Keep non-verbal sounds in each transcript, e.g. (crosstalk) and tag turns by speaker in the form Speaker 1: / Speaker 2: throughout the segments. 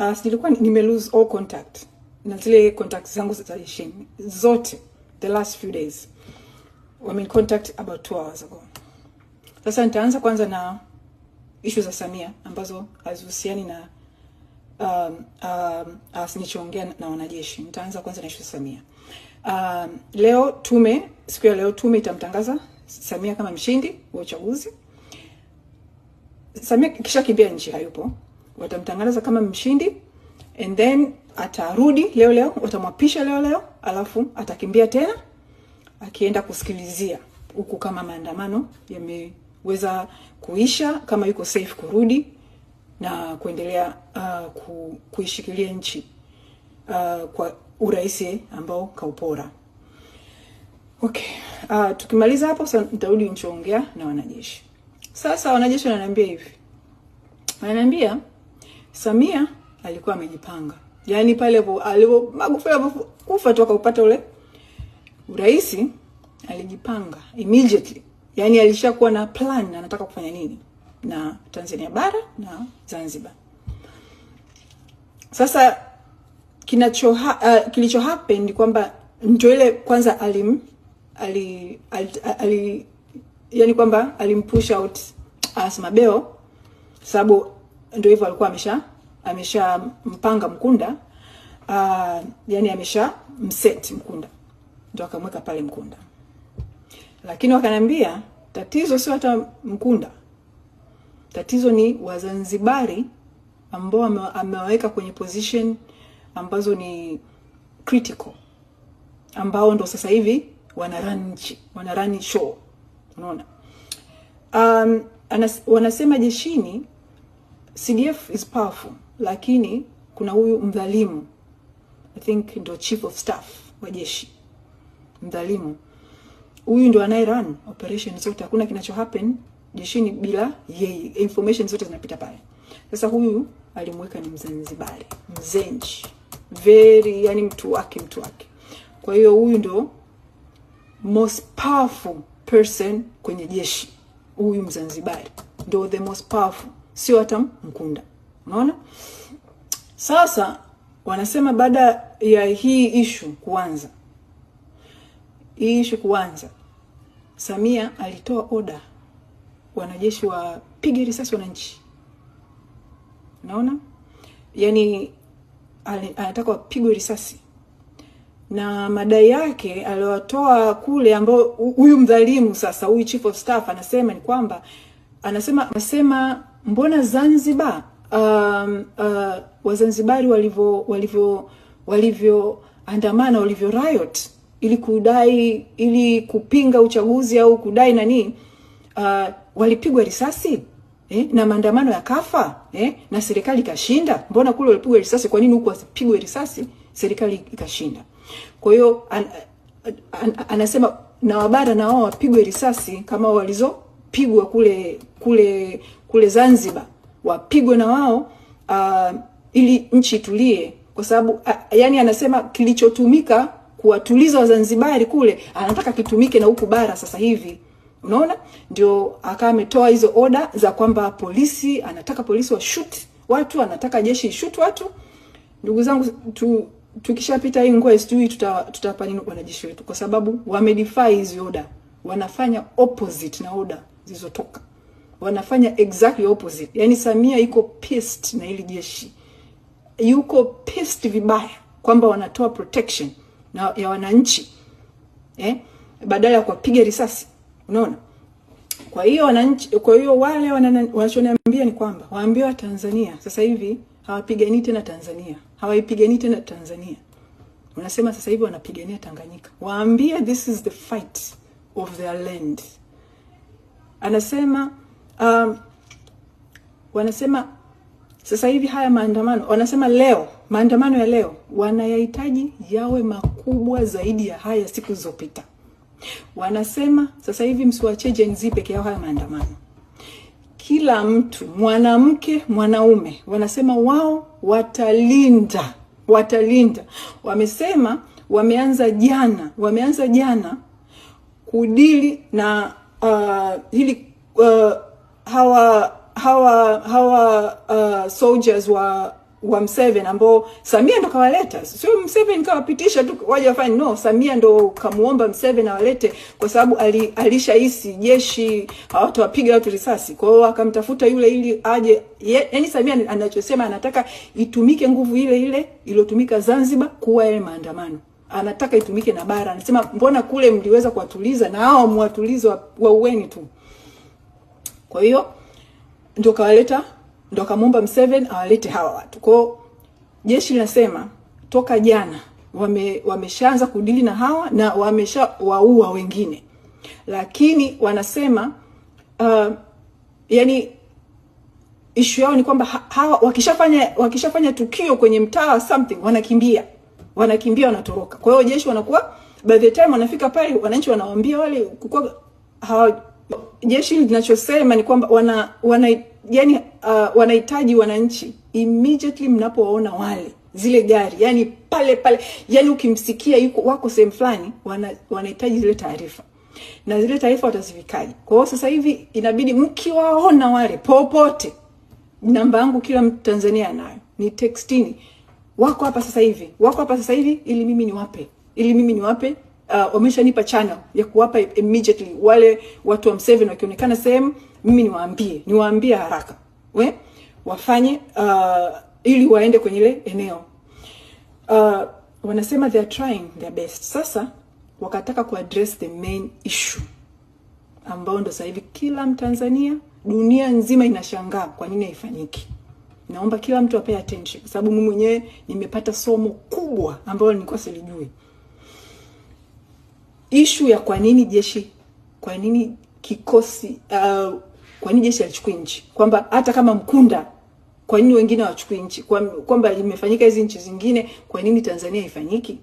Speaker 1: uh, nilikuwa nime lose all contact na zile contact zangu za Shane zote the last few days wame contact about two hours ago. Sasa nitaanza kwanza na issue za Samia ambazo hazihusiani na um, um, ah, nichoongea na wanajeshi. Nitaanza kwanza na issue za Samia. Um, leo tume, siku ya leo tume itamtangaza Samia kama mshindi wa uchaguzi. Samia kisha kimbia nchi, hayupo watamtangaza kama mshindi and then atarudi leo leo, watamwapisha leo leo, alafu atakimbia tena akienda kusikilizia huku kama maandamano yameweza kuisha, kama yuko safe kurudi na kuendelea uh, ku, kuishikilia nchi uh, kwa urahisi ambao kaupora. Okay. Uh, tukimaliza hapo sasa nitarudi nchoongea na wanajeshi. Sasa wanajeshi wananiambia hivi. Wananiambia Samia alikuwa amejipanga, yaani pale alipo Magufuli kufa tu akaupata ule urais, alijipanga immediately, yaani alishakuwa na plan, anataka kufanya nini na Tanzania bara na Zanzibar. Sasa kinacho uh, kilicho happen ni kwamba mtu ile kwanza alim ali, ali, ali yani kwamba alimpush out Asmabeo ah, sababu ndio hivyo alikuwa amesha mpanga Mkunda uh, yani amesha mset Mkunda, ndio akamweka pale Mkunda. Lakini wakaniambia tatizo sio hata Mkunda, tatizo ni Wazanzibari ambao amewaweka kwenye position ambazo ni critical, ambao ndo sasa hivi wanarun nchi, show, unaona um, anas, wanasema jeshini CDF is powerful, lakini kuna huyu mdhalimu, I think ndio chief of staff wa jeshi, mdhalimu huyu ndio anaye run operation zote. Hakuna kinacho happen jeshini bila yeye, information zote zinapita pale. Sasa huyu alimweka ni Mzanzibari, mzenji very, yani mtu wake mtu wake. Kwa hiyo huyu ndo most powerful person kwenye jeshi, huyu Mzanzibari ndo the most powerful sio mkunda Unaona? Sasa wanasema baada ya hii ishu kuanza, hii ishu kuanza, Samia alitoa oda wanajeshi wapige risasi wananchi. Unaona? yani anataka wapigwe risasi na madai yake aliyotoa kule, ambao huyu mdhalimu sasa, huyu chief of staff anasema ni kwamba anasema anasema mbona Zanzibar um, uh, Wazanzibari walivyo walivyo walivyoandamana walivyo riot ili kudai ili kupinga uchaguzi au kudai nani uh, walipigwa risasi eh, na maandamano ya kafa eh, na serikali ikashinda. Mbona kule walipigwa risasi, kwa nini huku wasipigwe risasi? Serikali ikashinda. Kwa hiyo an, an, an, anasema na wabara na wao wapigwe risasi kama walizo waliopigwa kule kule kule Zanzibar wapigwe na wao uh, ili nchi itulie, kwa sababu uh, yani anasema kilichotumika kuwatuliza Wazanzibari kule anataka kitumike na huku bara sasa hivi. Unaona, ndio akawa ametoa hizo oda za kwamba polisi, anataka polisi washuti watu, anataka jeshi ishuti watu. Ndugu zangu tu, tukishapita hii ngwe sijui tutawapa tuta nini wanajeshi wetu, kwa sababu wamedefy hizi oda, wanafanya opposite na oda zilizotoka wanafanya exactly opposite. Yani Samia iko pissed na ili jeshi, yuko pissed vibaya kwamba wanatoa protection na, ya wananchi eh, badala ya kuwapiga risasi. Unaona, kwa hiyo wananchi, kwa hiyo wale wanachoniambia ni kwamba waambie wa Tanzania sasa hivi hawapigani tena Tanzania, hawaipigani tena Tanzania, wanasema sasa hivi wanapigania Tanganyika. Waambie this is the fight of their land anasema um, wanasema sasa hivi haya maandamano wanasema leo maandamano ya leo wanayahitaji yawe makubwa zaidi ya haya siku zilizopita. Wanasema sasa hivi msiwache Gen Z peke yao haya maandamano, kila mtu, mwanamke, mwanaume, wanasema wao watalinda, watalinda. Wamesema wameanza jana, wameanza jana kudili na uh, hili uh, hawa hawa hawa uh, soldiers wa wa Mseven ambao Samia ndo kawaleta, sio Mseven kawapitisha tu waje wafanye. No, Samia ndo kamuomba Mseven awalete, kwa sababu ali, alishahisi jeshi hawatawapiga watu risasi. Kwa hiyo akamtafuta yule ili aje. yani Samia anachosema anataka itumike nguvu ile ile iliyotumika Zanzibar kuwa yale maandamano anataka itumike na bara. Anasema mbona kule mliweza kuwatuliza na hao mwatulizi wa, wa uweni tu. Kwa hiyo ndio kawaleta, ndio kamomba Mseven awalete hawa watu. Kwa jeshi linasema toka jana wame wameshaanza kudili na hawa na wamesha waua wengine, lakini wanasema uh, yani ishu yao ni kwamba hawa wakishafanya wakishafanya tukio kwenye mtaa something wanakimbia wanakimbia wanatoroka. Kwa hiyo jeshi wanakuwa by the time wanafika pale, wananchi wanawaambia wale kukua hawa jeshi linachosema ni kwamba wana, wana yani uh, wanahitaji wananchi immediately mnapowaona wale zile gari yani pale pale, yani ukimsikia yuko wako sehemu fulani, wanahitaji zile taarifa na zile taarifa watazifikaje? Kwa hiyo sasa hivi inabidi mkiwaona wale popote, namba yangu kila Mtanzania anayo, ni textini wako hapa sasa hivi, wako hapa sasa hivi ili mimi niwape, ili mimi niwape. Uh, wameshanipa channel ya kuwapa immediately wale watu wa mseven wakionekana sehemu, mimi niwaambie, niwaambie haraka we wafanye uh, ili waende kwenye ile eneo uh, wanasema they are trying their best. Sasa wakataka ku address the main issue ambao ndo sasa hivi kila Mtanzania dunia nzima inashangaa kwa nini haifanyiki. Naomba kila mtu apee attention kwa sababu mimi mwenyewe nimepata somo kubwa ambalo nilikuwa silijui. Ishu ya kwa nini jeshi, kwa nini kikosi uh, kwa nini jeshi alichukui nchi, kwamba hata kama Mkunda, kwa nini wengine hawachukui nchi, kwamba kwa limefanyika hizi nchi zingine, kwa nini Tanzania ifanyiki?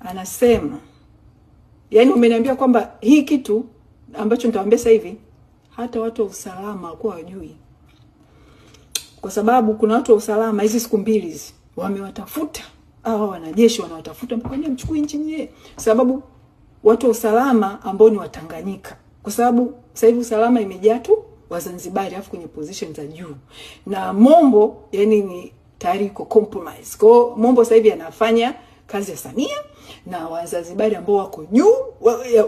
Speaker 1: Anasema yani, umeniambia kwamba hii kitu ambacho nitawaambia sasa hivi hata watu wa usalama hawakuwa wajui kwa sababu kuna watu wa usalama hizi siku mbili hizi wamewatafuta hawa wanajeshi, wanawatafuta kwa nini mchukui nchi nyie? Sababu watu wa usalama ambao ni Watanganyika, kwa sababu sasa hivi usalama imejaa tu Wazanzibari afu kwenye position za juu na Mombo, yani ni tayari iko compromise. Kwa Mombo sasa hivi anafanya kazi ya Samia na Wazanzibari ambao wako juu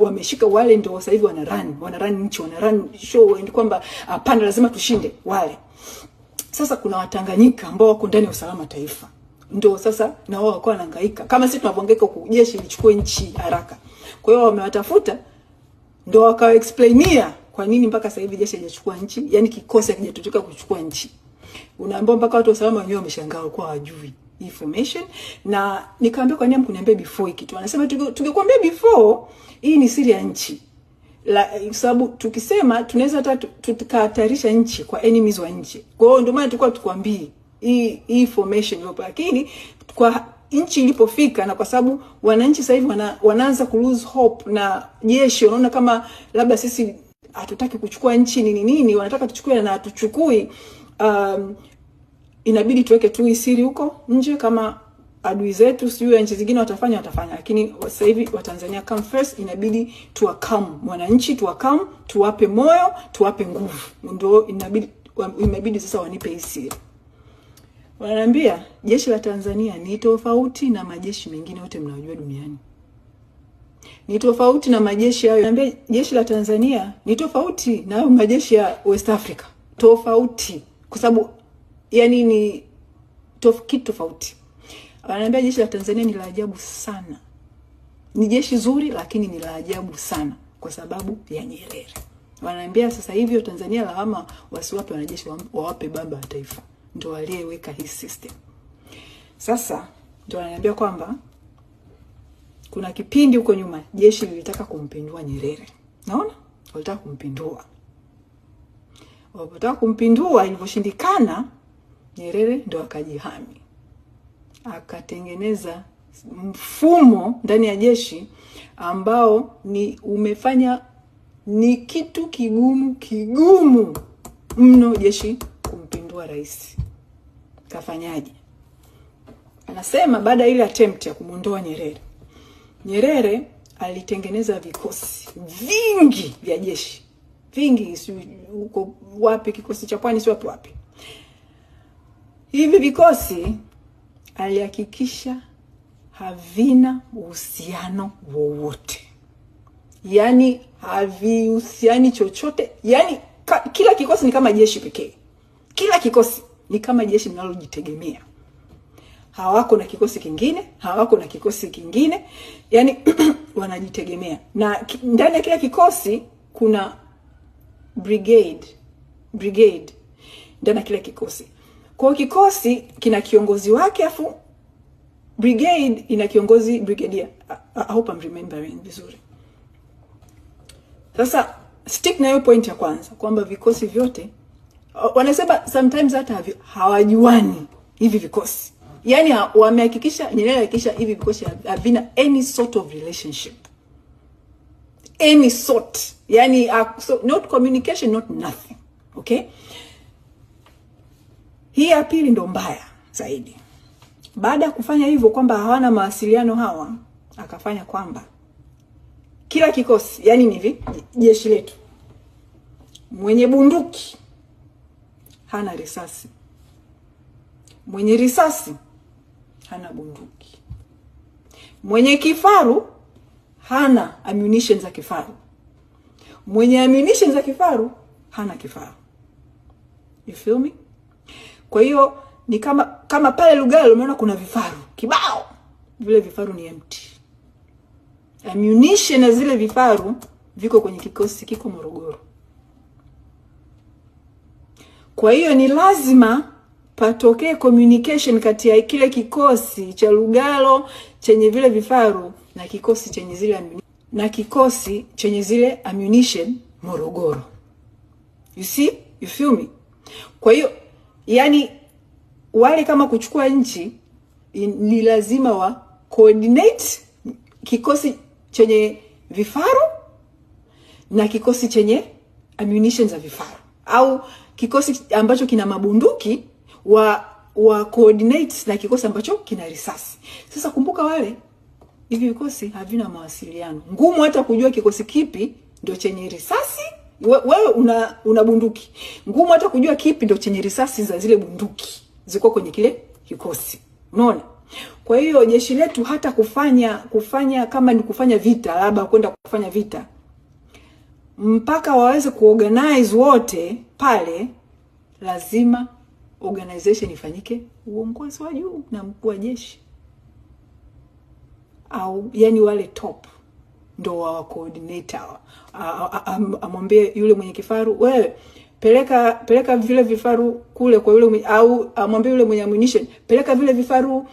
Speaker 1: wameshika wa wale, ndio sasa hivi wana run wana run nchi wana run show, kwamba hapana, lazima tushinde wale sasa kuna Watanganyika ambao wako ndani ya usalama taifa, ndio sasa na wao wako wanahangaika kama sisi tunavyohangaika huku, jeshi lichukue nchi haraka. Kwa hiyo wamewatafuta, ndio wakawa explainia kwa nini mpaka sasa hivi jeshi halijachukua nchi, yani kikosi hakijatoka kuchukua nchi. Unaambao mpaka watu wa usalama wenyewe wameshangaa kwa wajui information na nikaambia, kwa nini mkuniambia before Kitu Anasema tungekuambia before, hii ni siri ya nchi sababu tukisema tunaweza hata tukahatarisha nchi kwa enemies wa nchi. Kwa hiyo ndio maana tulikuwa tukwambii hii hii formation hiyo, lakini kwa nchi ilipofika na kwa sababu wananchi sasa hivi wana, wanaanza ku lose hope na jeshi wanaona kama labda sisi hatutaki kuchukua nchi nini nini, wanataka tuchukue na hatuchukui. Um, inabidi tuweke tu isiri huko nje kama adui zetu sijui nchi zingine watafanya watafanya, lakini sasa hivi Watanzania come first, inabidi tuakam wananchi, tuakam tuwape moyo, tuwape nguvu, ndio inabidi imebidi sasa wanipe hisi Wananiambia jeshi la Tanzania ni tofauti na majeshi mengine yote mnayojua duniani, ni tofauti na majeshi hayo. Naambia jeshi la Tanzania ni tofauti na majeshi ya West Africa, tofauti kwa sababu yani ni tof, kitu tofauti Ananiambia jeshi la Tanzania ni la ajabu sana, ni jeshi zuri, lakini ni la ajabu sana kwa sababu ya Nyerere. Wanaambia sasa hivyo Tanzania lawama wasiwape wanajeshi, wawape baba wa taifa, ndo aliyeweka hii system. Sasa ndo ananiambia kwamba kuna kipindi huko nyuma jeshi lilitaka kumpindua Nyerere, naona walitaka kumpindua. Walipotaka kumpindua, ilivyoshindikana, Nyerere ndo akajihami akatengeneza mfumo ndani ya jeshi ambao ni umefanya ni kitu kigumu kigumu mno jeshi kumpindua rais. Kafanyaje? Anasema baada ya ile attempt ya kumwondoa Nyerere, Nyerere alitengeneza vikosi vingi vya jeshi vingi, huko wapi, kikosi cha pwani, si wapi wapi, hivi vikosi alihakikisha havina uhusiano wowote, yaani havihusiani chochote, yaani ka, kila kikosi ni kama jeshi pekee. Kila kikosi ni kama jeshi linalojitegemea, hawako na kikosi kingine, hawako na kikosi kingine, yaani (clears throat) wanajitegemea. Na ndani ya kila kikosi kuna brigade, brigade ndani ya kila kikosi kwa kikosi kina kiongozi wake afu brigade ina kiongozi brigadier. I hope I'm remembering vizuri. Sasa stick na hiyo point ya kwanza kwamba vikosi vyote wanasema sometimes hata hawajuani hivi vikosi. Yaani wamehakikisha Nyerere hakikisha hivi vikosi havina any sort of relationship. Any sort. Yaani uh, so, not communication not nothing. Okay? Hii ya pili ndo mbaya zaidi. Baada ya kufanya hivyo kwamba hawana mawasiliano hawa, akafanya kwamba kila kikosi, yani ni hivi, jeshi letu, mwenye bunduki hana risasi, mwenye risasi hana bunduki, mwenye kifaru hana ammunition za kifaru, mwenye ammunition za kifaru hana kifaru. You feel me? Kwa hiyo ni kama kama pale Lugalo umeona kuna vifaru kibao, vile vifaru ni empty ammunition na zile vifaru viko kwenye kikosi kiko Morogoro. Kwa hiyo ni lazima patokee communication kati ya kile kikosi cha Lugalo chenye vile vifaru na kikosi chenye zile na kikosi chenye zile ammunition Morogoro. You see? You feel me? Kwa hiyo yani wale kama kuchukua nchi ni lazima wa coordinate kikosi chenye vifaru na kikosi chenye ammunition za vifaru au kikosi ambacho kina mabunduki wa wa coordinate na kikosi ambacho kina risasi. Sasa kumbuka, wale hivi vikosi havina mawasiliano, ngumu hata kujua kikosi kipi ndio chenye risasi wewe una, una bunduki ngumu hata kujua kipi ndo chenye risasi za zile bunduki ziko kwenye kile kikosi, unaona. Kwa hiyo jeshi letu hata kufanya kufanya kama ni kufanya vita, labda kwenda kufanya vita, mpaka waweze kuorganize wote pale, lazima organization ifanyike uongozi wa juu na mkuu wa jeshi au yani wale top ndo wa coordinator, amwambie yule mwenye kifaru, wewe peleka peleka vile vifaru kule kwa yule mwenye, au amwambie yule mwenye ammunition peleka vile vifaru uh,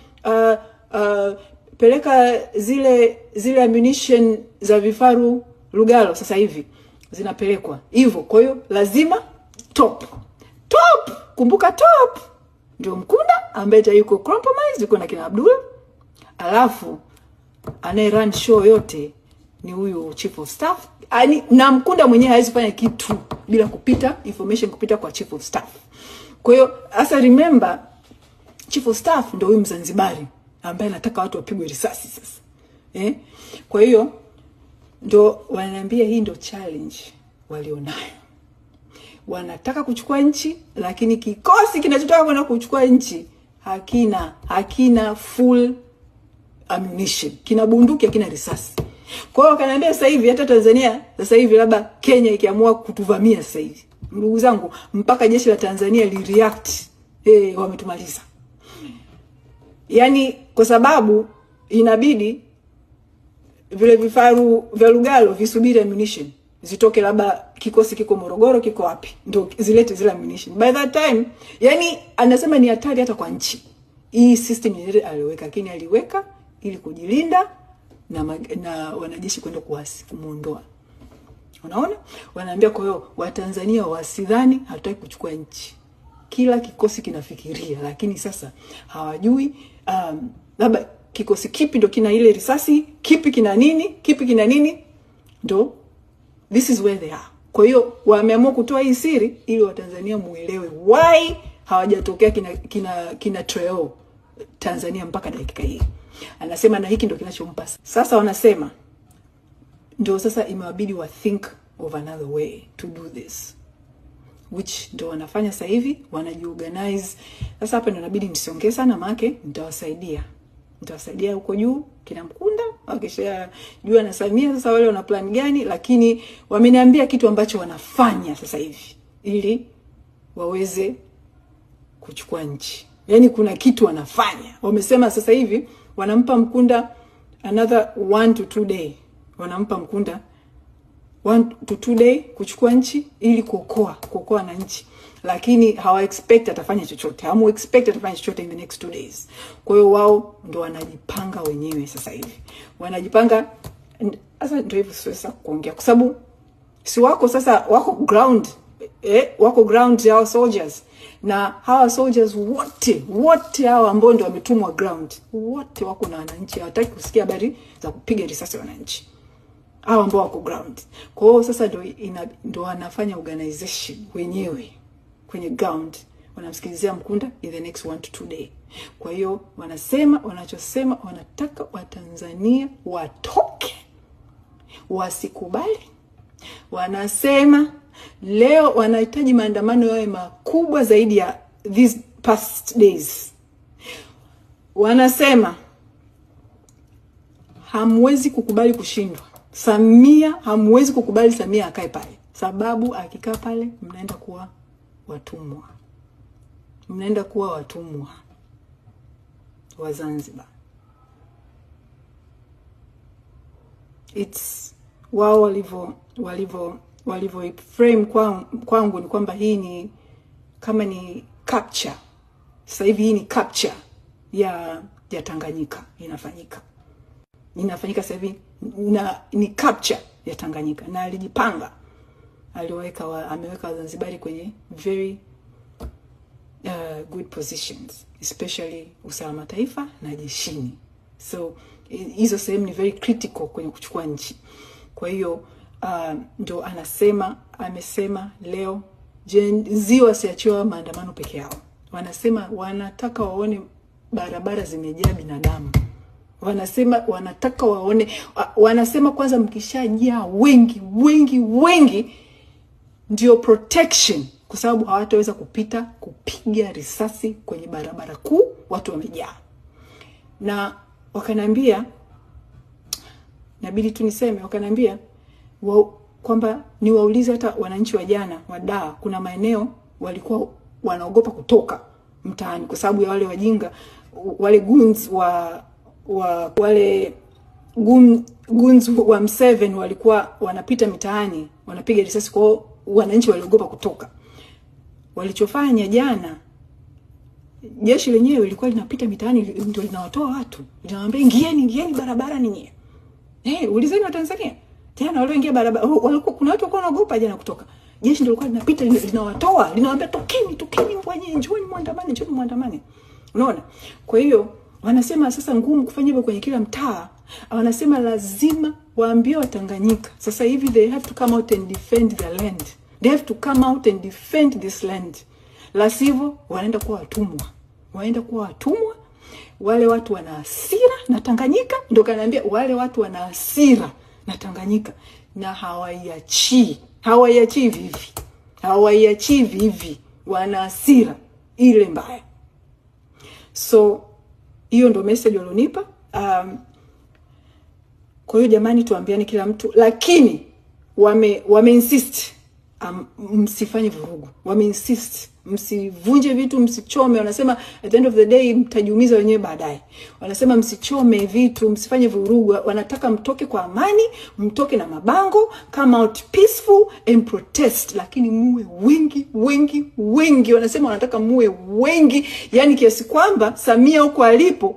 Speaker 1: uh, peleka zile zile ammunition za vifaru Lugalo sasa hivi zinapelekwa hivyo. Kwa hiyo lazima top top, kumbuka top ndio Mkunda ambaye tayuko yuko compromise yuko na kina Abdul, alafu anaye run show yote ni huyu chief of staff ani, na Mkunda mwenyewe hawezi fanya kitu bila kupita information kupita kwa chief of staff. Kwa hiyo asa remember, chief of staff ndio huyu Mzanzibari ambaye anataka watu wapigwe risasi sasa eh? Kwa hiyo ndio wananiambia hii ndio challenge walionayo, wanataka kuchukua nchi, lakini kikosi kinachotaka kwenda kuchukua nchi hakina hakina full ammunition, kina bunduki, hakina risasi. Kwa hiyo kaniambia sasa hivi hata Tanzania sasa hivi labda Kenya ikiamua kutuvamia sasa hivi. Ndugu zangu mpaka jeshi la Tanzania li react eh, wametumaliza. Yaani kwa sababu inabidi vile vifaru vya Lugalo visubiri ammunition zitoke, labda kikosi kiko Morogoro, kiko wapi, ndio zilete zile ammunition by that time. Yani anasema ni hatari hata kwa nchi hii. System ile aliweka, lakini aliweka ili kujilinda na, na wanajeshi kwenda kumwondoa. Unaona, wanaambia kwa hiyo Watanzania wasidhani hatutaki kuchukua nchi. Kila kikosi kinafikiria, lakini sasa hawajui um, labda kikosi kipi ndo kina ile risasi, kipi kina nini, kipi kina nini, ndo this is where they are. Kwa hiyo wameamua kutoa hii siri ili Watanzania muelewe why hawajatokea kina, kina, kina treo Tanzania mpaka dakika hii anasema, na hiki ndo kinachompa sasa. Wanasema ndo sasa imewabidi wa think of another way to do this which ndo wanafanya sasa hivi, wanajiorganize sasa. Hapa ndo inabidi nisongee sana, maake nitawasaidia nitawasaidia huko juu kina Mkunda wakisha jua na Samia, sasa wale wana plan gani, lakini wameniambia kitu ambacho wanafanya sasa hivi ili waweze kuchukua nchi. Yaani kuna kitu wanafanya, wamesema sasa hivi wanampa Mkunda another one to two day, wanampa Mkunda one to two day kuchukua nchi ili kuokoa kuokoa na nchi, lakini hawa expect atafanya chochote, hamu expect atafanya chochote in the next two days. Kwa hiyo wao ndo wanajipanga wenyewe sasa hivi, wanajipanga sasa, ndio hivyo, siweza kuongea kwa sababu si wako sasa, wako ground Eh, eh, wako ground ya soldiers na hawa soldiers wote wote hawa ambao ndio wametumwa ground wote wako na wananchi, hawataki kusikia habari za kupiga risasi wananchi hawa ambao wako ground. Kwa hiyo sasa ndio ndio wanafanya organization wenyewe kwenye ground, wanamsikilizia Mkunda in the next one to two day. Kwa hiyo wanasema wanachosema, wanataka Watanzania watoke, wasikubali wanasema leo wanahitaji maandamano yawe makubwa zaidi ya these past days. Wanasema hamwezi kukubali kushindwa. Samia hamwezi kukubali Samia akae pale, sababu akikaa pale mnaenda kuwa watumwa, mnaenda kuwa watumwa wa Zanzibar. It's wao walivyo walivyo walivyo frame kwangu kwa ni kwamba hii ni kama ni capture. Sasa hivi hii ni capture ya ya Tanganyika inafanyika inafanyika sasa hivi na ni capture ya Tanganyika, na alijipanga aliweka wa, ameweka Wazanzibari kwenye very uh, good positions especially usalama taifa na jeshini, so hizo sehemu ni very critical kwenye kuchukua nchi. Kwa hiyo uh, ndo anasema amesema leo Gen wasiachiwa maandamano peke yao. Wanasema wanataka waone barabara zimejaa binadamu wanasema wanataka waone, wanasema kwanza, mkishajaa wengi wengi wengi ndio protection, kwa sababu hawataweza kupita kupiga risasi kwenye barabara kuu, watu wamejaa. Na wakanaambia inabidi tu niseme, wakaniambia kwamba niwaulize hata wananchi wa jana wa Dar, kuna maeneo walikuwa wanaogopa kutoka mtaani kwa sababu ya wale wajinga wale guns wa, wa wale guns wa M7 walikuwa wanapita mitaani wanapiga risasi kwao, wananchi waliogopa kutoka. Walichofanya jana, jeshi lenyewe lilikuwa linapita mitaani ndio linawatoa watu, linawaambia ingieni, ingieni barabara ninyi. Hey, eh, ulizeni wa Tanzania. Jana walioingia barabara oh, walikuwa kuna watu walikuwa wanaogopa jana kutoka. Jeshi ndio lilikuwa linapita linawatoa, linawaambia tokeni, tokeni mfanye njooni mwandamane, njooni mwandamane. Unaona? Kwa hiyo wanasema sasa ngumu kufanya hivyo kwenye kila mtaa. Wanasema lazima waambie Watanganyika. Sasa hivi they have to come out and defend their land. They have to come out and defend this land. La sivyo wanaenda kuwa watumwa. Waenda kuwa watumwa wale watu wana hasira na Tanganyika, ndo kanaambia wale watu wana hasira na Tanganyika na hawaiachii, hawaiachii vivi, hawaiachii vivi, wana hasira ile mbaya. So hiyo ndo message walionipa. Um, kwa hiyo jamani, tuambiane kila mtu, lakini wame wame insist um, msifanye vurugu, wame insist msivunje vitu, msichome. Wanasema at the end of the day mtajiumiza wenyewe baadaye. Wanasema msichome vitu, msifanye vurugu. Wanataka mtoke kwa amani, mtoke na mabango, come out peaceful and protest, lakini muwe wengi wengi wengi. Wanasema wanataka muwe wengi, yani kiasi kwamba Samia huko alipo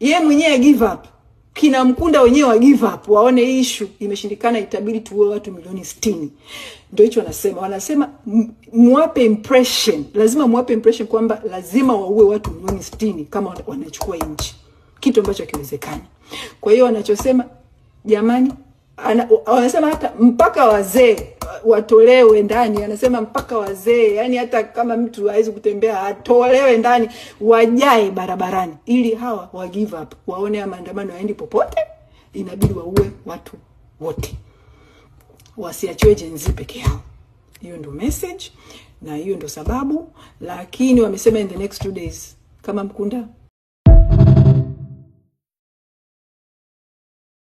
Speaker 1: yeye mwenyewe give up kina Mkunda wenyewe wa give up, waone issue imeshindikana, itabidi tuue watu milioni sitini. Ndio hicho wanasema, wanasema mwape impression, lazima mwape impression kwamba lazima waue watu milioni sitini kama wanachukua nchi, kitu ambacho hakiwezekani. Kwa hiyo wanachosema jamani wanasema hata mpaka wazee watolewe ndani, anasema mpaka wazee, yani hata kama mtu hawezi kutembea atolewe ndani, wajae barabarani, ili hawa wa give up, waone ya maandamano yaendi popote, inabidi waue watu wote, wasiachiwe jenzi peke yao. Hiyo ndio message na hiyo ndio sababu, lakini wamesema in the next two days kama mkunda